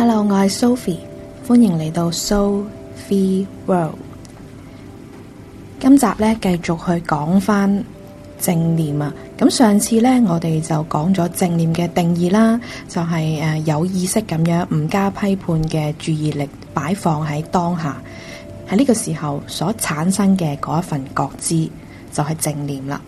Hello，我係 Sophy，歡迎嚟到 Soul Free World。今集咧繼續去講返正念啊！咁上次咧我哋就講咗正念嘅定義啦，就係誒有意識咁樣唔加批判嘅注意力擺放喺當下，喺呢個時候所產生嘅嗰一份覺知就係正念啦。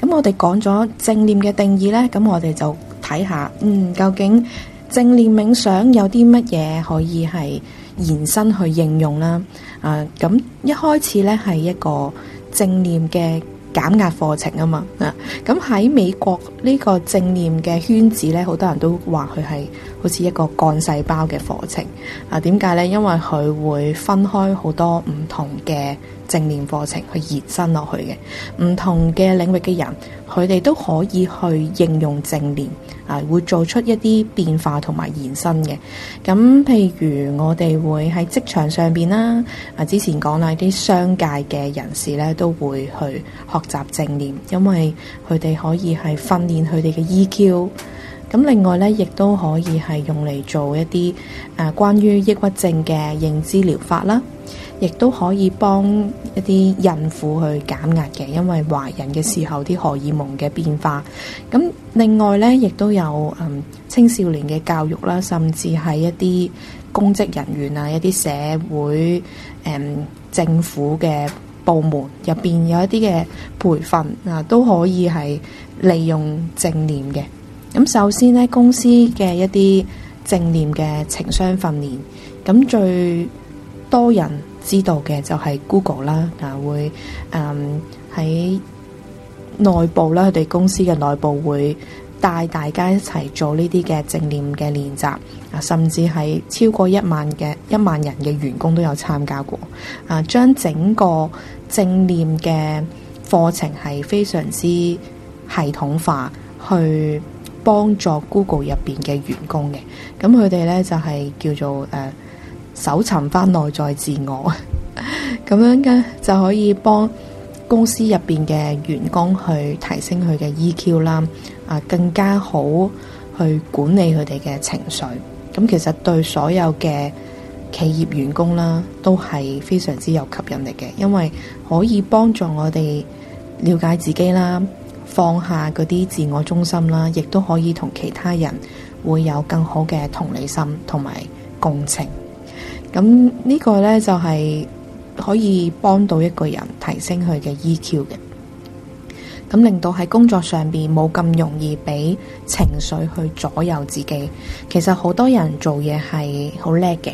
咁我哋講咗正念嘅定義咧，咁我哋就睇下嗯究竟。正念冥想有啲乜嘢可以係延伸去應用啦？啊，咁一開始呢係一個正念嘅減壓課程啊嘛，啊，咁喺美國呢個正念嘅圈子呢，好多人都話佢係。好似一個幹細胞嘅課程啊？點解呢？因為佢會分開好多唔同嘅正念課程去延伸落去嘅，唔同嘅領域嘅人，佢哋都可以去應用正念啊，會做出一啲變化同埋延伸嘅。咁譬如我哋會喺職場上邊啦啊，之前講啦啲商界嘅人士呢，都會去學習正念，因為佢哋可以係訓練佢哋嘅 EQ。咁另外咧，亦都可以係用嚟做一啲誒關於抑鬱症嘅認知療法啦，亦都可以幫一啲孕婦去減壓嘅，因為懷孕嘅時候啲荷爾蒙嘅變化。咁另外咧，亦都有誒青少年嘅教育啦，甚至係一啲公職人員啊、一啲社會誒政府嘅部門入邊有一啲嘅培訓啊，都可以係利用正念嘅。咁首先呢，公司嘅一啲正念嘅情商訓練，咁最多人知道嘅就係 Google 啦，啊會，嗯喺內部啦，佢哋公司嘅內部會帶大家一齊做呢啲嘅正念嘅練習啊，甚至係超過一萬嘅一萬人嘅員工都有參加過啊，將整個正念嘅課程係非常之系統化去。幫助 Google 入邊嘅員工嘅，咁佢哋呢就係、是、叫做誒、呃，搜尋翻內在自我，咁 樣嘅就可以幫公司入邊嘅員工去提升佢嘅 EQ 啦，啊、呃，更加好去管理佢哋嘅情緒。咁其實對所有嘅企業員工啦，都係非常之有吸引力嘅，因為可以幫助我哋了解自己啦。放下嗰啲自我中心啦，亦都可以同其他人會有更好嘅同理心同埋共情。咁呢個咧就係可以幫到一個人提升佢嘅 E.Q. 嘅，咁令到喺工作上邊冇咁容易俾情緒去左右自己。其實好多人做嘢係好叻嘅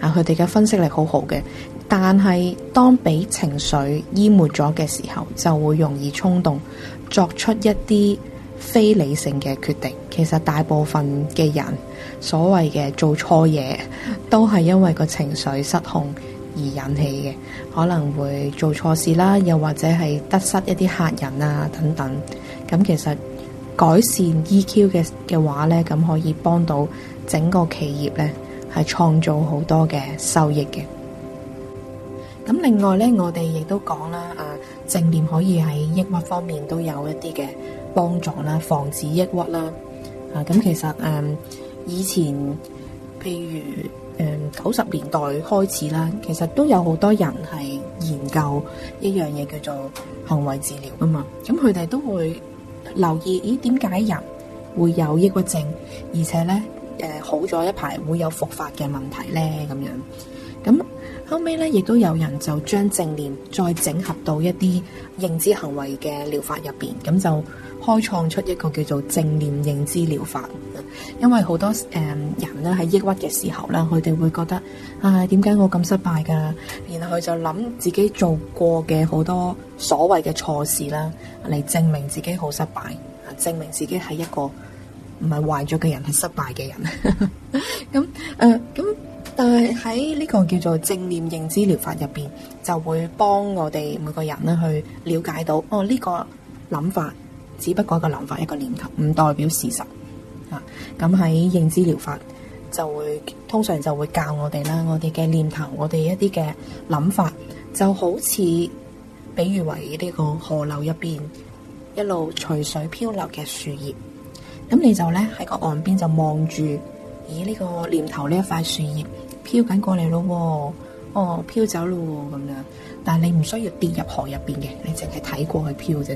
啊，佢哋嘅分析力好好嘅，但係當俾情緒淹沒咗嘅時候，就會容易衝動。作出一啲非理性嘅決定，其實大部分嘅人所謂嘅做錯嘢，都係因為個情緒失控而引起嘅，可能會做錯事啦，又或者係得失一啲客人啊等等。咁其實改善 EQ 嘅嘅話咧，咁可以幫到整個企業咧，係創造好多嘅收益嘅。咁另外咧，我哋亦都講啦。正念可以喺抑鬱方面都有一啲嘅幫助啦，防止抑鬱啦。啊，咁其實誒、嗯，以前譬如誒九十年代開始啦，其實都有好多人係研究一樣嘢叫做行為治療、嗯、啊嘛。咁佢哋都會留意，咦，點解人會有抑鬱症，而且咧誒、呃、好咗一排會有復發嘅問題咧？咁樣。咁後尾咧，亦都有人就將正念再整合到一啲認知行為嘅療法入邊，咁就開創出一個叫做正念認知療法。因為好多誒人咧喺抑鬱嘅時候咧，佢哋會覺得啊，點解我咁失敗噶？然後佢就諗自己做過嘅好多所謂嘅錯事啦，嚟證明自己好失敗，啊，證明自己係一個唔係壞咗嘅人，係失敗嘅人。咁誒，咁。但係喺呢個叫做正念認知療法入邊，就會幫我哋每個人咧去了解到，哦，呢個諗法只不過一個諗法一個念頭，唔代表事實啊。咁喺認知療法就會通常就會教我哋啦，我哋嘅念頭，我哋一啲嘅諗法就好似比喻為呢個河流入邊一路隨水漂流嘅樹葉，咁你就咧喺個岸邊就望住，咦，呢個念頭呢一塊樹葉。飄緊過嚟咯，哦，飄走咯咁樣。但係你唔需要跌入河入邊嘅，你淨係睇過去飄啫。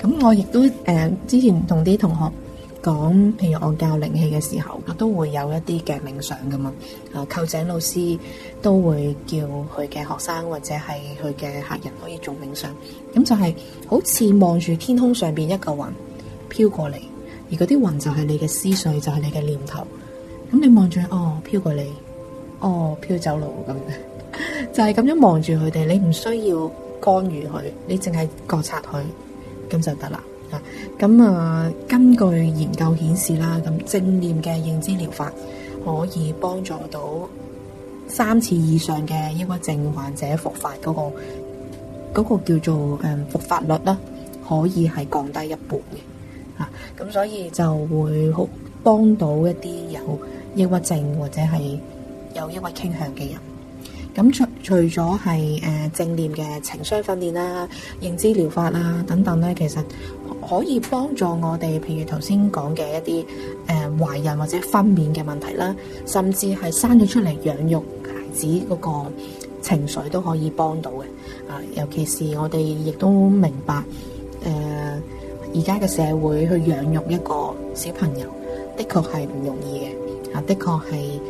咁、嗯、我亦都誒、呃，之前同啲同學講，譬如我教靈氣嘅時候，我都會有一啲嘅冥想噶嘛。啊、呃，臼井老師都會叫佢嘅學生或者係佢嘅客人可以做冥想。咁就係好似望住天空上邊一個雲飄過嚟，而嗰啲雲就係你嘅思緒，就係、是、你嘅念頭。咁、嗯、你望住哦，飄過嚟。哦，oh, 飄走路咁 樣，就係咁樣望住佢哋，你唔需要干預佢，你淨係觀察佢，咁就得啦。咁啊，根據研究顯示啦，咁正念嘅認知療法可以幫助到三次以上嘅抑鬱症患者復發嗰、嗰個、嗰個叫做誒嗯、復發率啦，可以係降低一半嘅。吓、啊，咁所以就會好幫到一啲有抑鬱症或者係。有抑鬱傾向嘅人，咁除除咗係誒正念嘅情商訓練啦、認知療法啦等等咧，其實可以幫助我哋，譬如頭先講嘅一啲誒懷孕或者分娩嘅問題啦，甚至係生咗出嚟養育孩子嗰個情緒都可以幫到嘅。啊、呃，尤其是我哋亦都明白，誒而家嘅社會去養育一個小朋友的確係唔容易嘅，啊的確係。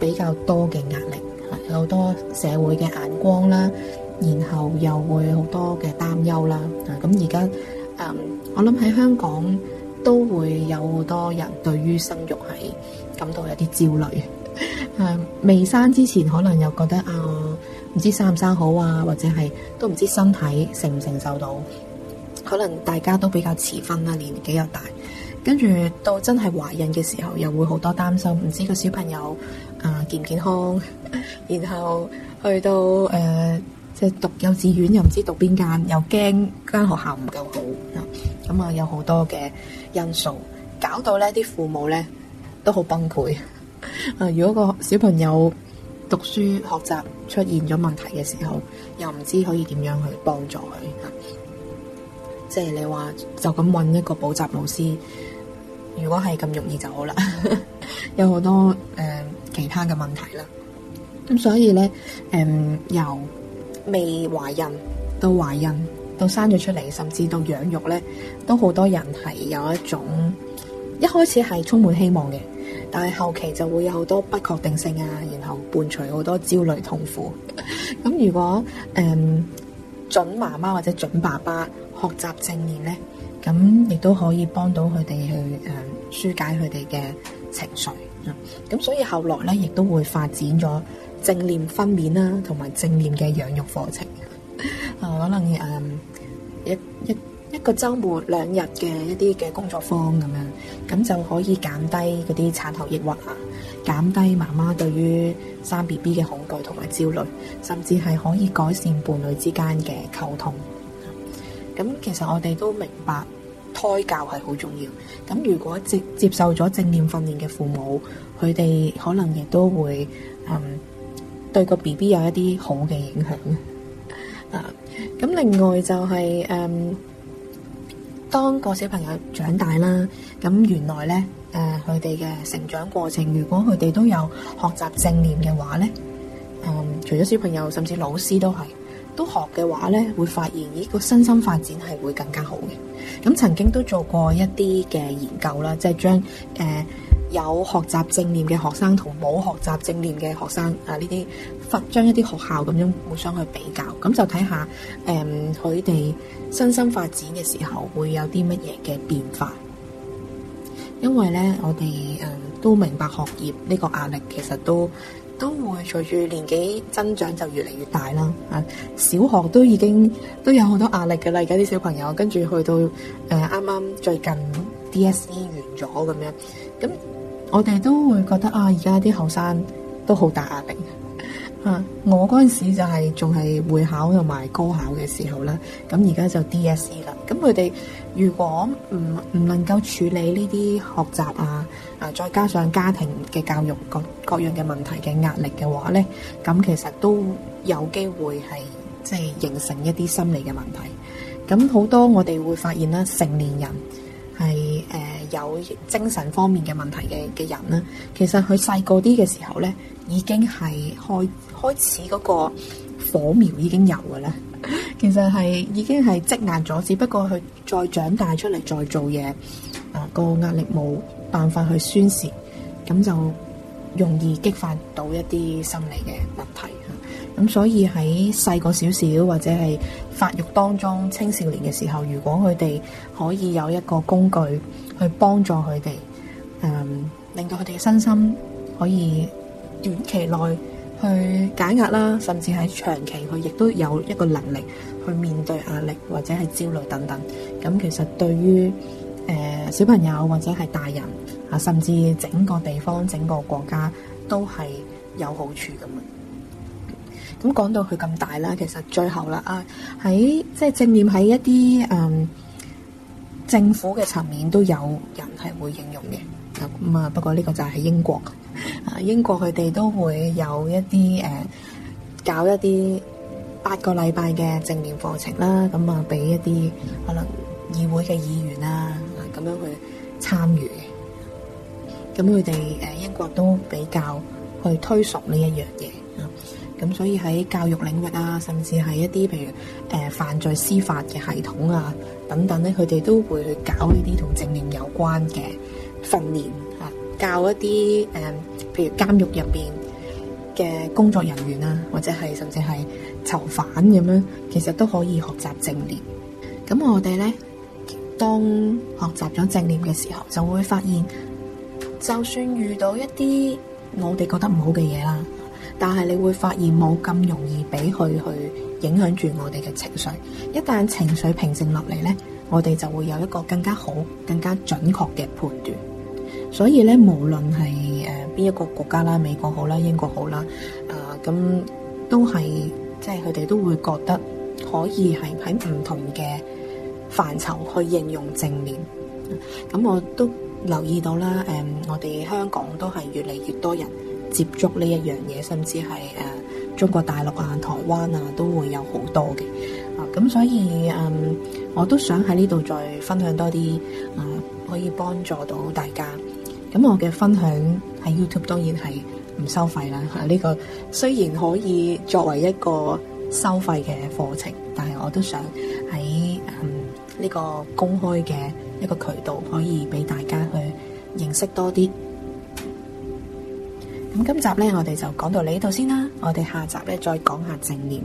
比較多嘅壓力，有好多社會嘅眼光啦，然後又會好多嘅擔憂啦。咁而家，嗯，我諗喺香港都會有好多人對於生育係感到有啲焦慮。誒、啊，未生之前可能又覺得啊，唔知生唔生好啊，或者係都唔知身體承唔承受到，可能大家都比較遲婚啊，年紀又大。跟住到真係懷孕嘅時候，又會好多擔心，唔知個小朋友啊健唔健康，然後去到誒即係讀幼稚園，又唔知讀邊間，又驚間學校唔夠好啊，咁啊有好多嘅因素，搞到呢啲父母呢都好崩潰啊！如果個小朋友讀書學習出現咗問題嘅時候，又唔知可以點樣去幫助佢，即係你話就咁搵一個補習老師。如果係咁容易就好啦， 有好多誒其他嘅問題啦。咁所以呢，誒、嗯、由未懷孕到懷孕到生咗出嚟，甚至到養育呢，都好多人係有一種一開始係充滿希望嘅，但係後期就會有好多不確定性啊，然後伴隨好多焦慮痛苦。咁、 嗯、如果誒、嗯、準媽媽或者準爸爸學習正念呢？咁亦都可以幫到佢哋去誒、呃、舒解佢哋嘅情緒，咁、啊、所以後來咧，亦都會發展咗正念分娩啦、啊，同埋正念嘅養育課程。誒、啊、可能誒、啊、一一一個週末兩日嘅一啲嘅工作坊咁樣，咁就可以減低嗰啲產後抑鬱啊，減低媽媽對於生 BB 嘅恐懼同埋焦慮，甚至係可以改善伴侶之間嘅溝通。咁其實我哋都明白胎教係好重要。咁如果接接受咗正念訓練嘅父母，佢哋可能亦都會嗯對個 BB 有一啲好嘅影響。啊，咁另外就係誒，當個小朋友長大啦，咁原來咧誒，佢哋嘅成長過程，如果佢哋都有學習正念嘅話咧，嗯，除咗小朋友，甚至老師都係。都學嘅話呢，會發現呢個身心發展係會更加好嘅。咁曾經都做過一啲嘅研究啦，即係將誒、呃、有學習正念嘅學生同冇學習正念嘅學生啊呢啲，發將一啲學校咁樣互相去比較，咁就睇下誒佢哋身心發展嘅時候會有啲乜嘢嘅變化。因為呢，我哋誒、呃、都明白學業呢個壓力其實都。都會隨住年紀增長就越嚟越大啦。啊，小學都已經都有好多壓力㗎啦。而家啲小朋友跟住去到誒，啱啱最近 DSE 完咗咁樣，咁我哋都會覺得啊，而家啲後生都好大壓力。啊！我嗰陣時就係仲係會考同埋高考嘅時候啦，咁而家就 DSE 啦。咁佢哋如果唔唔能夠處理呢啲學習啊，啊再加上家庭嘅教育各各樣嘅問題嘅壓力嘅話咧，咁其實都有機會係即係形成一啲心理嘅問題。咁好多我哋會發現啦，成年人係誒。有精神方面嘅問題嘅嘅人咧，其實佢細個啲嘅時候咧，已經係開開始個火苗已經有嘅咧，其實係已經係積壓咗，只不過佢再長大出嚟，再做嘢，啊個壓力冇辦法去宣泄，咁就容易激發到一啲心理嘅問題。咁所以喺細個少少或者係發育當中青少年嘅時候，如果佢哋可以有一個工具去幫助佢哋，誒、嗯、令到佢哋嘅身心可以短期內去解壓啦，甚至喺長期佢亦都有一個能力去面對壓力或者係焦慮等等。咁其實對於誒、呃、小朋友或者係大人啊，甚至整個地方整個國家都係有好處咁。咁講到佢咁大啦，其實最後啦啊，喺即係正念，喺、就是、一啲嗯政府嘅層面都有人係會應用嘅咁啊！不過呢個就係英國啊，英國佢哋都會有一啲誒、啊、搞一啲八個禮拜嘅正念課程啦，咁啊俾一啲可能議會嘅議員啦，咁、啊、樣去參與咁佢哋誒英國都比較去推崇呢一樣嘢啊。咁所以喺教育領域啊，甚至係一啲譬如誒、呃、犯罪司法嘅系統啊等等咧，佢哋都會去搞呢啲同正念有關嘅訓練啊，教一啲誒、呃、譬如監獄入邊嘅工作人員啊，或者係甚至係囚犯咁樣，其實都可以學習正念。咁我哋咧，當學習咗正念嘅時候，就會發現，就算遇到一啲我哋覺得唔好嘅嘢啦。但係你會發現冇咁容易俾佢去影響住我哋嘅情緒。一旦情緒平靜落嚟呢，我哋就會有一個更加好、更加準確嘅判斷。所以呢，無論係誒邊一個國家啦，美國好啦，英國好啦，啊、呃、咁都係即係佢哋都會覺得可以係喺唔同嘅範疇去應用正念。咁、嗯、我都留意到啦，誒、嗯、我哋香港都係越嚟越多人，接觸呢一樣嘢，甚至係誒、啊、中國大陸啊、台灣啊，都會有好多嘅。啊，咁所以嗯，我都想喺呢度再分享多啲啊、嗯，可以幫助到大家。咁我嘅分享喺 YouTube 當然係唔收費啦。喺、啊、呢、這個雖然可以作為一個收費嘅課程，但係我都想喺嗯呢、這個公開嘅一個渠道，可以俾大家去認識多啲。今集咧，我哋就講到呢度先啦。我哋下集咧，再講下正念。